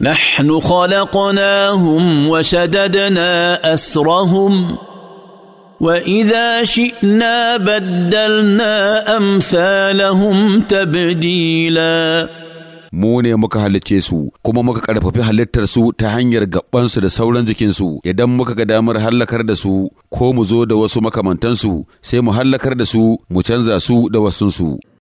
نحن خلقناهم وشددنا اسرهم واذا شئنا بدلنا امثالهم تبديلا mu ne muka halicce su kuma muka ƙarfafi halittar su ta hanyar gabansu da sauran jikinsu idan muka ga damar hallakar da su ko mu zo da wasu makamantansu sai mu hallakar da su mu canza su da wasunsu